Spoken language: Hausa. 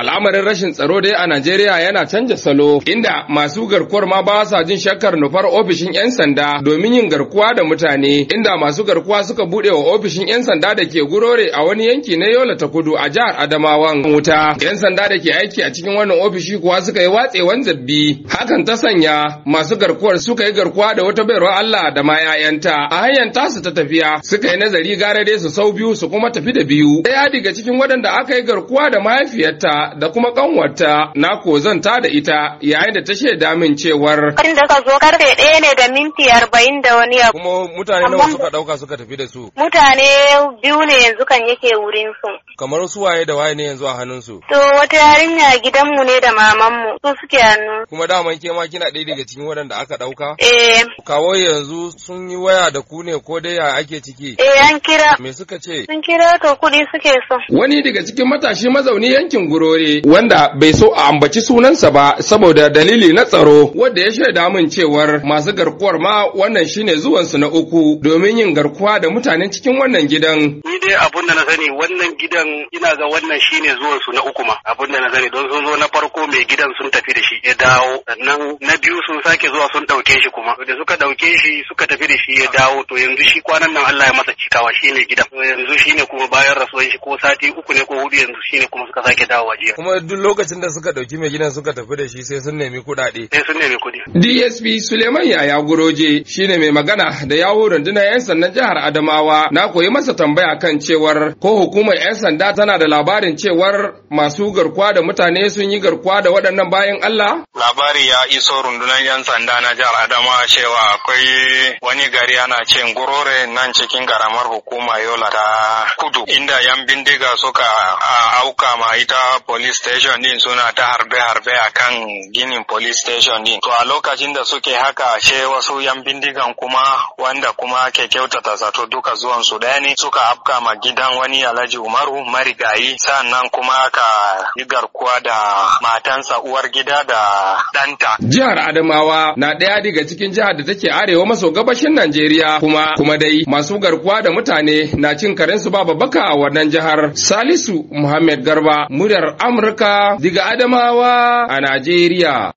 Al'amarin rashin tsaro dai a Najeriya yana canja salo, inda masu garkuwar ma ba sa jin shakkar nufar ofishin 'yan sanda domin yin garkuwa da mutane, inda masu garkuwa suka buɗe wa ofishin 'yan sanda da ke gurore a wani yanki na Yola ta Kudu a jihar Adamawan wuta. 'Yan sanda da ke aiki a cikin wannan ofishi kuwa suka yi watsewan zabbi. Hakan ta sanya masu garkuwar suka yi garkuwa da wata bayarwar Allah da ma 'ya'yanta. A hanyar tasu ta tafiya suka yi nazari gare dai su sau biyu su kuma tafi da biyu. Ɗaya daga cikin waɗanda aka yi garkuwa da mahaifiyarta da kuma kanwarta na ko zanta da ita yayin da ta shaida min cewar Kin da ka zo karfe 1 ne da minti arba'in da wani abu. Kuma mutane nawa suka ɗauka suka tafi da su? Mutane biyu ne yanzu kan yake wurin su. Kamar su waye da waye ne yanzu a hannun su? To wata yarinya gidanmu ne da mamanmu su suke hannu. Kuma daman ke ma kina ɗaya daga cikin waɗanda aka ɗauka? Eh. Kawo yanzu sun yi waya da ku ne ko dai ya ake ciki? Eh an kira. Me suka ce? Sun kira to kuɗi suke so. Wani daga cikin matashi mazauni yankin Gurori aure wanda bai so a ambaci sunansa ba saboda dalili na tsaro wanda ya shaida min cewar masu garkuwar ma wannan shine zuwansu na uku domin yin garkuwa da mutanen cikin wannan gidan. Ni dai abun da na sani wannan gidan ina ga wannan shine zuwansu na uku ma abun da na sani don sun zo na farko mai gidan sun tafi da shi ya dawo sannan na biyu sun sake zuwa sun ɗauke shi kuma da suka ɗauke shi suka tafi da shi ya dawo to yanzu shi kwanan nan Allah ya masa cikawa shine gidan yanzu shine kuma bayan rasuwan shi ko sati uku ne ko hudu yanzu shine kuma suka sake dawowa jiya. kuma duk lokacin da suka ɗauki mai gidan suka tafi da shi sai sun nemi kuɗaɗe sai eh, sun nemi kuɗi DSP Suleiman Yaya Guroje shine mai magana da yawo rundunar 'yan sandan jihar Adamawa na koyi masa tambaya kan cewar ko hukumar 'yan sanda tana da labarin cewar masu garkuwa da mutane sun yi garkuwa da waɗannan bayan Allah? Labari ya iso rundunar 'yan sanda na jihar Adamawa cewa akwai wani gari ana ce gurore nan cikin garamar hukuma Yola ta kudu inda 'yan bindiga suka auka ma ita police station din suna ta harbe-harbe a kan ginin police station din. To a lokacin da suke haka she wasu yan bindigan kuma wanda kuma ke kyautata zato duka zuwan su ɗaya ne suka afka ma gidan wani Alhaji Umaru marigayi sannan kuma aka yi garkuwa da matansa uwar gida da ɗanta. Jihar Adamawa na ɗaya daga cikin jihar da take arewa maso gabashin Najeriya kuma kuma dai masu garkuwa da mutane na cin karensu ba babbaka a wannan jihar. Salisu Muhammad Garba muryar Amurka daga Adamawa a Najeriya.